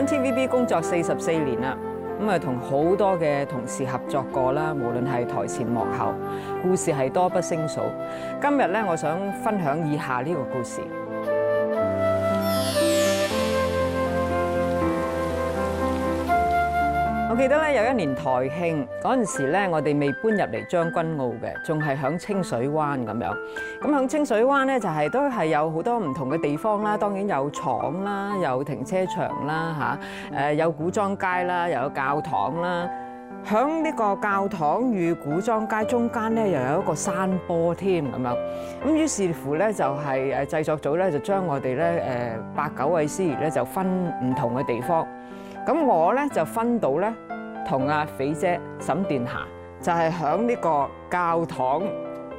喺 TVB 工作四十四年啦，咁啊同好多嘅同事合作過啦，無論係台前幕後，故事係多不勝數。今日咧，我想分享以下呢個故事。我記得咧，有一年台慶嗰陣時咧，我哋未搬入嚟將軍澳嘅，仲係喺清水灣咁樣。咁喺清水灣咧、就是，就係都係有好多唔同嘅地方啦。當然有廠啦，有停車場啦嚇，誒有古裝街啦，又有教堂啦。喺呢個教堂與古裝街中間咧，又有一個山坡添咁樣。咁於是乎咧，就係誒製作組咧，就將我哋咧誒八九位司儀咧，就分唔同嘅地方。咁我咧就分到咧，同阿肥姐、沈殿霞就係喺呢個教堂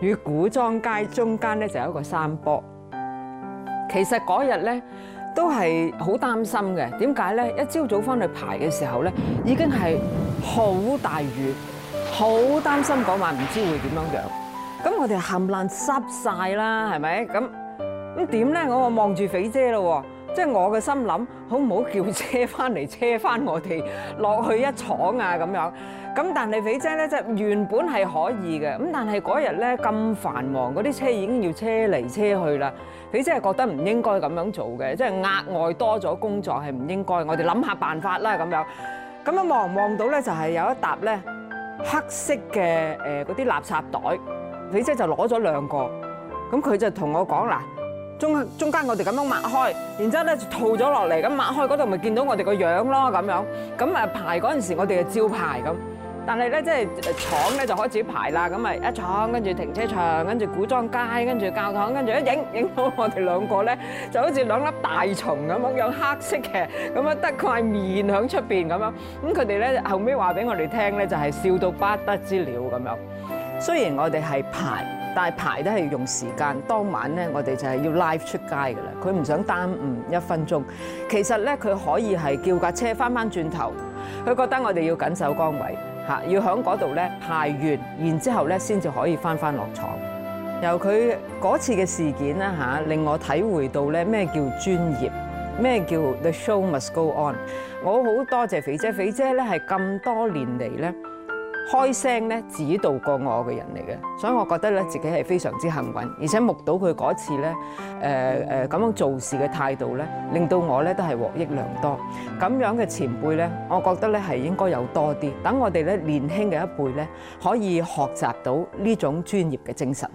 與古裝街中間咧，就有一個山坡。其實嗰日咧都係好擔心嘅，點解咧？一朝早翻去排嘅時候咧，已經係好大雨，好擔心嗰晚唔知會點樣樣。咁我哋冚唪唥濕晒啦，係咪？咁咁點咧？我望住肥姐咯喎。即係我嘅心諗，好唔好叫車翻嚟車翻我哋落去一廠啊，咁樣？咁但係肥姐咧，即係原本係可以嘅。咁但係嗰日咧咁繁忙，嗰啲車已經要車嚟車去啦。肥姐係覺得唔應該咁樣做嘅，即係額外多咗工作係唔應該。我哋諗下辦法啦咁樣。咁樣望望到咧就係有一沓咧黑色嘅誒嗰啲垃圾袋，肥姐就攞咗兩個。咁佢就同我講，嗱。中中間我哋咁樣抹開，然之後咧就吐咗落嚟，咁抹開嗰度咪見到我哋個樣咯咁樣。咁啊排嗰陣時我哋嘅招牌咁，但係咧即係廠咧就開始排啦。咁啊一廠跟住停車場，跟住古裝街，跟住教堂，跟住一影影到我哋兩個咧就好似兩粒大蟲咁樣，樣黑色嘅，咁啊得塊面響出邊咁樣。咁佢哋咧後尾話俾我哋聽咧就係笑到不得之了咁樣。雖然我哋係排。大排都係用時間，當晚咧我哋就係要 live 出街㗎喇。佢唔想耽誤一分鐘。其實咧佢可以係叫架車返返轉頭，佢覺得我哋要緊守崗位嚇，要喺嗰度咧排完，然之後咧先至可以返返落廠。由佢嗰次嘅事件啦嚇，令我體會到咧咩叫專業，咩叫 The show must go on。我好多謝肥姐，肥姐咧係咁多年嚟咧，開聲咧指導過我嘅人嚟嘅，所以我覺得咧自己係非常之幸運，而且目睹佢嗰次咧，誒誒咁樣做事嘅態度咧，令到我咧都係獲益良多。咁樣嘅前輩咧，我覺得咧係應該有多啲，等我哋咧年輕嘅一輩咧，可以學習到呢種專業嘅精神。